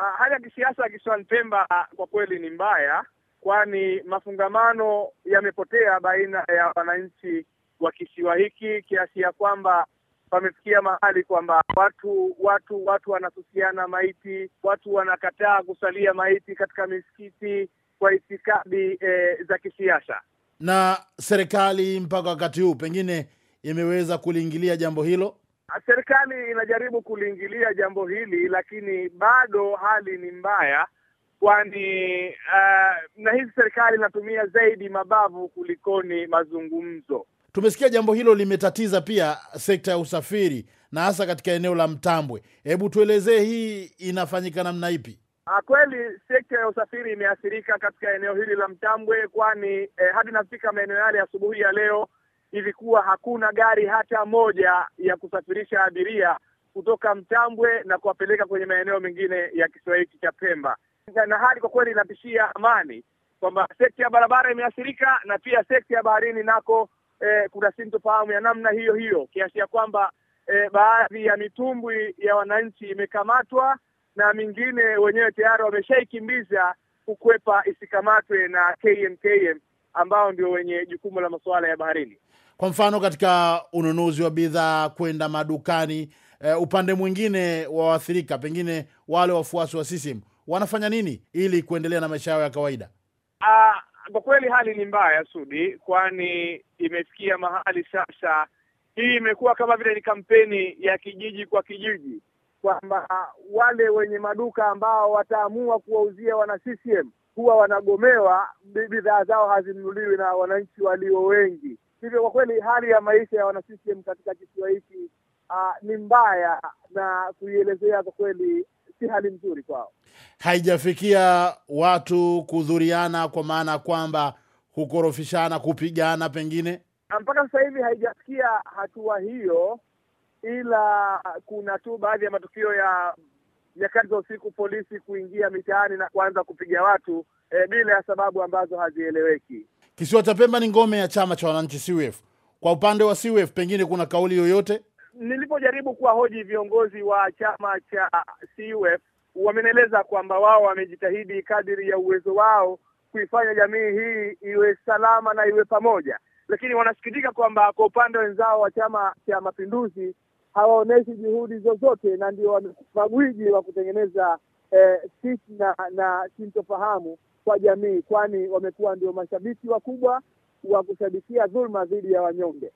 Ah, hali ya kisiasa ya kisiwani Pemba ah, kwa kweli ni mbaya, kwani mafungamano yamepotea baina ya wananchi wa kisiwa hiki kiasi ya kwamba pamefikia mahali kwamba watu watu watu wanasusiana maiti, watu wanakataa kusalia maiti katika misikiti kwa itikadi e, za kisiasa. Na serikali mpaka wakati huu pengine imeweza kuliingilia jambo hilo serikali inajaribu kuliingilia jambo hili, lakini bado hali ni mbaya, kwani uh, na hizi serikali inatumia zaidi mabavu kulikoni mazungumzo. Tumesikia jambo hilo limetatiza pia sekta ya usafiri na hasa katika eneo la Mtambwe. Hebu tuelezee hii inafanyika namna ipi? Ah, kweli sekta ya usafiri imeathirika katika eneo hili la Mtambwe, kwani eh, hadi nafika maeneo yale asubuhi ya leo ilikuwa hakuna gari hata moja ya kusafirisha abiria kutoka Mtambwe na kuwapeleka kwenye maeneo mengine ya kisiwa hiki cha Pemba, na hali kwa kweli inatishia amani kwamba sekta ya barabara imeathirika na pia sekta ya baharini nako eh, kuna sintofahamu ya namna hiyo hiyo kiasi ya kwamba eh, baadhi ya mitumbwi ya wananchi imekamatwa na mingine wenyewe tayari wameshaikimbiza kukwepa isikamatwe na KMKM ambao ndio wenye jukumu la masuala ya baharini. Kwa mfano katika ununuzi wa bidhaa kwenda madukani, uh, upande mwingine wa waathirika, pengine wale wafuasi wa CCM wanafanya nini ili kuendelea na maisha yao ya kawaida? Uh, kwa kweli hali ni mbaya Sudi, kwani imefikia mahali sasa hii imekuwa kama vile ni kampeni ya kijiji kwa kijiji, kwamba wale wenye maduka ambao wataamua kuwauzia wana CCM huwa wanagomewa, bidhaa zao hazinunuliwi na wananchi walio wengi. Hivyo kwa kweli hali ya maisha ya wana CCM katika kisiwa hiki ah, ni mbaya, na kuielezea kwa kweli si hali nzuri kwao. Haijafikia watu kudhuriana, kwa maana kwamba hukorofishana kupigana pengine ah, mpaka sasa hivi haijafikia hatua hiyo, ila kuna tu baadhi ya matukio ya nyakati za usiku polisi kuingia mitaani na kuanza kupiga watu e, bila ya sababu ambazo hazieleweki. Kisiwa cha Pemba ni ngome ya chama cha wananchi CUF. Kwa upande wa CUF, pengine kuna kauli yoyote? Nilipojaribu kuwahoji viongozi wa chama cha CUF, wamenieleza kwamba wao wamejitahidi kadiri ya uwezo wao kuifanya jamii hii iwe salama na iwe pamoja, lakini wanasikitika kwamba kwa upande wenzao wa Chama cha Mapinduzi hawaonyeshi juhudi zozote, na ndio magwiji wa kutengeneza eh, na, na sintofahamu kwa jamii, kwani wamekuwa ndio mashabiki wakubwa wa kushabikia dhuluma dhidi ya wanyonge.